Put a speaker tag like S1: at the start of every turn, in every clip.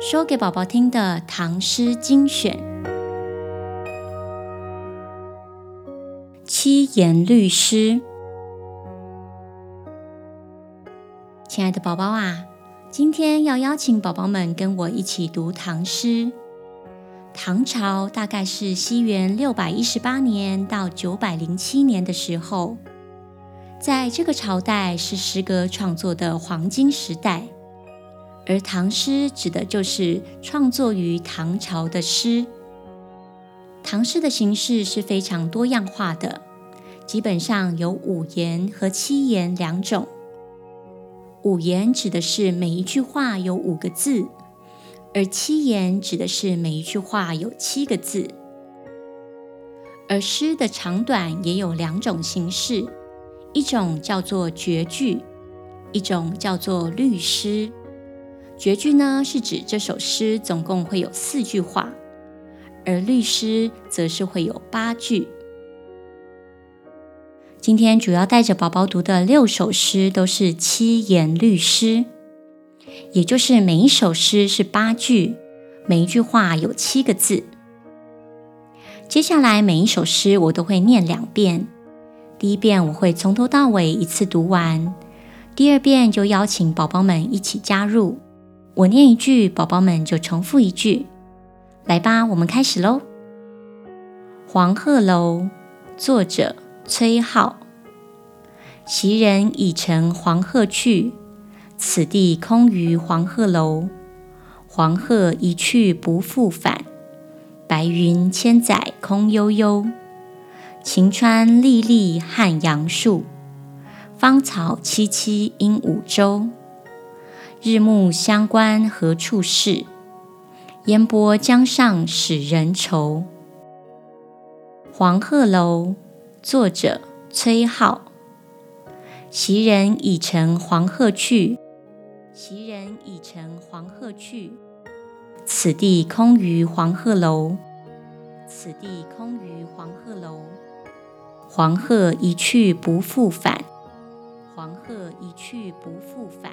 S1: 說給寶寶聽的唐詩精選，七言律詩。親愛的寶寶啊，今天要邀請寶寶們跟我一起讀唐詩。唐朝大概是西元六百一十八年到九百零七年的時候，在這個朝代是詩歌創作的黃金時代。而唐詩指的就是創作於唐朝的詩。唐詩的形式是非常多樣化的，基本上有五言和七言兩種。五言指的是每一句話有五個字，而七言指的是每一句話有七個字。而詩的長短也有兩種形式，一種叫做絕句，一種叫做律詩。絕句呢，是指這首詩總共會有四句話，而律詩則是會有八句。今天主要帶着寶寶讀的六首詩都是七言律詩，也就是每一首詩是八句，每一句話有七個字。接下來每一首詩我都會念兩遍，第一遍我會從頭到尾一次讀完，第二遍就邀請寶寶們一起加入。我念一句，寶寶們就重複一句，來吧，我們開始嘍。《黃鶴樓》作者崔顥，昔人已乘黃鶴去，此地空餘黃鶴樓。黃鶴一去不復返，白雲千載空悠悠。晴川歷歷漢陽樹，芳草萋萋鸚鵡洲。日暮鄉關何處是？煙波江上使人愁。黃鶴樓，作者崔顥。昔人已乘黃鶴去，昔人已乘黃鶴去。此地空餘黃鶴樓，此地空餘黃鶴樓。黃鶴一去不復返，黃鶴一去不復返。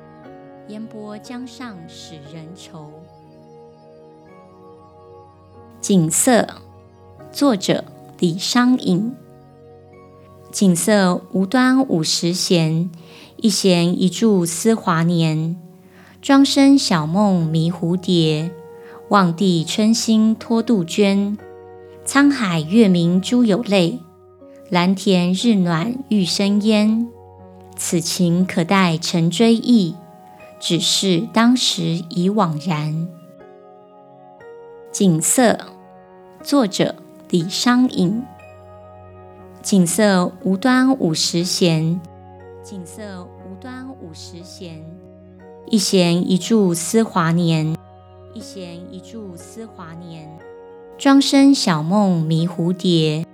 S1: 煙波江上使人愁。《錦瑟》作者李商隱。錦瑟無端五十弦，一弦一柱思華年。莊生曉夢迷蝴蝶，望帝春心托杜鵑。滄海月明珠有淚，藍田日暖玉生煙。此情可待成追憶。只是當時已惘然。《錦瑟》，作者李商隱。錦瑟無端五十弦，錦瑟無端五十弦。一弦一柱思華年，一弦一柱思華年。莊生曉夢迷蝴蝶，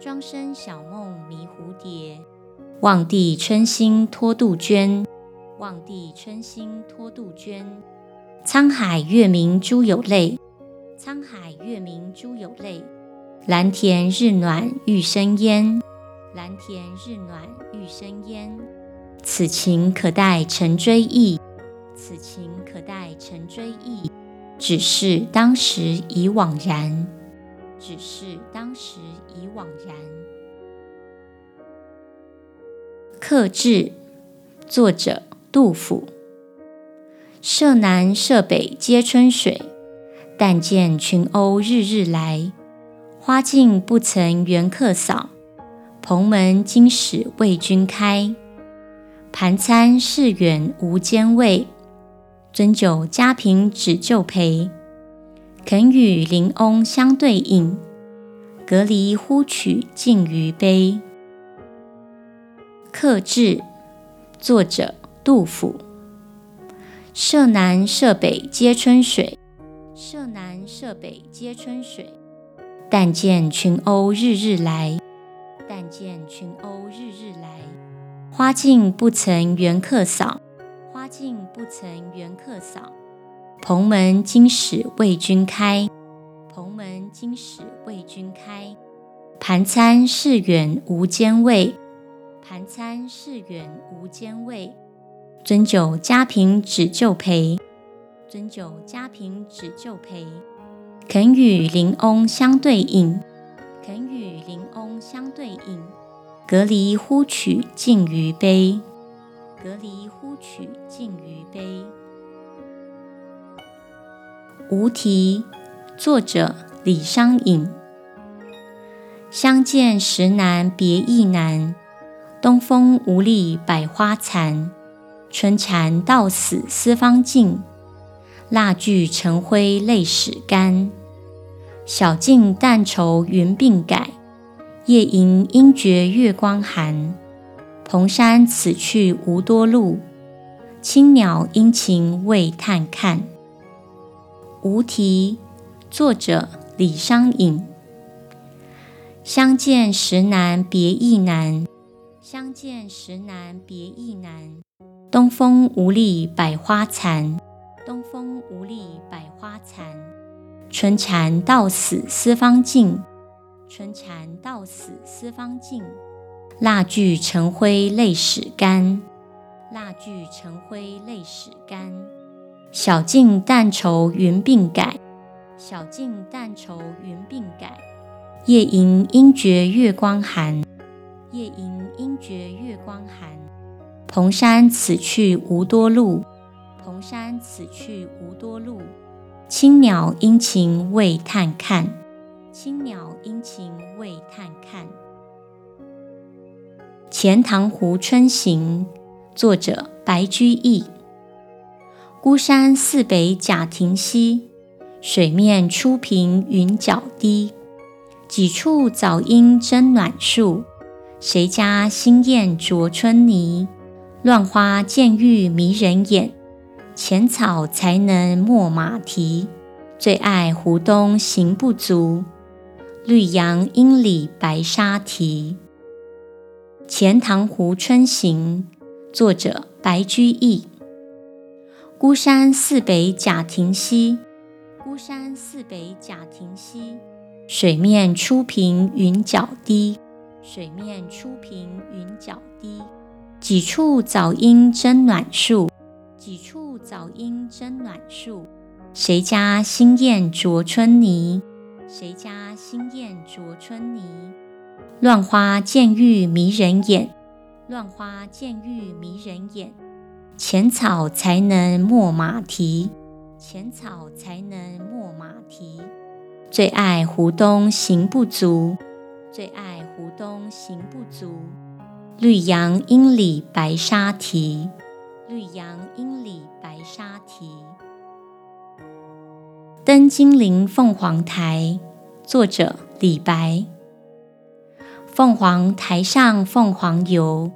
S1: 莊生曉夢迷蝴蝶。望帝春心托杜鵑。望帝春心托杜鵑，滄海月明珠有淚。滄海月明珠有淚，藍田日暖玉生煙。藍田日暖玉生煙，此情可待成追憶。此情可待成追憶，只是當時已惘然。只是當時已惘然。客至，作者。杜甫。舍南舍北皆春水，但見群鷗日日來。花徑不曾緣客掃，蓬門今始為君開。盤餐市遠無兼味，樽酒家貧只舊醅。肯與鄰翁相對飲，隔籬呼取盡餘杯。客至，作者。杜甫，舍南舍北皆春水，舍南舍北皆春水。但見群鷗日日來，但見群鷗日日來。花徑不曾緣客掃，花徑不曾緣客掃。掃蓬門今始為君開，蓬門今始為君開。盤餐市遠無兼味，盤餐市遠無兼味。樽酒家貧只舊醅，樽酒家貧只舊醅。肯與鄰翁相對飲，肯與鄰翁相對飲。隔籬呼取盡餘杯，隔籬呼取盡餘杯。《無題》作者李商隱。相見時難別亦難，東風無力百花殘。春蠶到死絲方盡，蠟炬成灰淚始乾。曉鏡但愁雲鬢改，夜吟應覺月光寒。蓬山此去無多路，青鳥殷勤為探看。《無題》作者李商隱。相見時難別亦難，相見時難別亦難。東風無力百花殘，東風無力百花殘。春蠶到死絲方盡，春蠶到死絲方盡。蠟炬成灰淚始乾，蠟炬成灰淚始乾。曉鏡但愁雲鬢改，曉鏡但愁雲鬢改。夜吟應覺月光寒，夜吟應覺月光寒。蓬山此去無多路，蓬山此去無多路。青鳥殷勤為探看，青鳥殷勤為探看。《錢塘湖春行》作者白居易。孤山寺北賈亭西，水面初平雲腳低。幾處早鶯爭暖，暖樹，誰家新燕啄春泥。亂花漸欲迷人眼，淺草才能沒馬蹄。最愛湖東行不足，綠楊陰裡白沙堤。《錢塘湖春行》作者白居易。孤山寺北賈亭西，孤山寺北賈亭西，水面初平雲腳低，水面初平雲腳低。幾處早鶯爭暖樹，幾處早鶯爭暖樹。誰家新燕啄春泥，誰家新燕啄春泥。亂花漸欲迷人眼，亂花漸欲迷人眼。淺草才能沒馬蹄，淺草才能沒馬蹄。最愛湖東行不足，最愛湖東行不足。綠楊陰裡白沙堤。綠楊陰裡白沙堤。登金陵鳳凰台，作者李白。鳳凰台上鳳凰遊，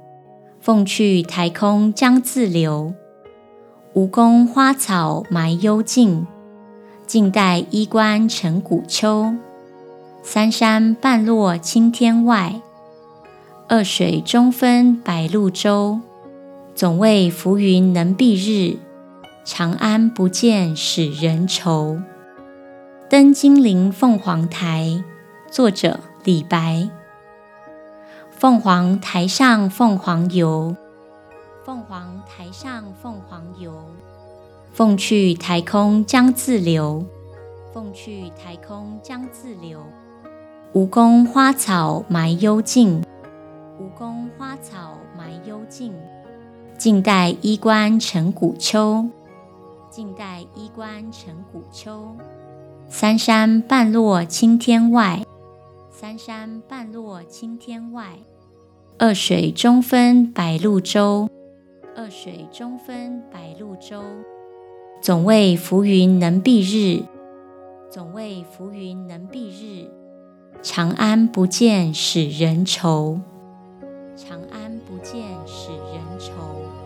S1: 鳳去台空江自流。吳宮花草埋幽徑，晉代衣冠成古丘。三山半落青天外。二水中分白鷺洲，總為浮雲能蔽日。長安不見使人愁。登金陵鳳凰台，作者李白。鳳凰台上鳳凰遊，鳳凰台上鳳凰遊。鳳去台空江自流，鳳去台空江自流。吳宮花草埋幽徑。吳宮花草埋幽徑，晉代衣冠成古丘。晉代衣冠成古丘，三山半落青天外，三山半落青天外，二水中分白鷺洲，二水中分白鷺洲。總為浮雲能蔽日，總為浮雲能蔽日，長安不見使人愁。長安不見使人愁。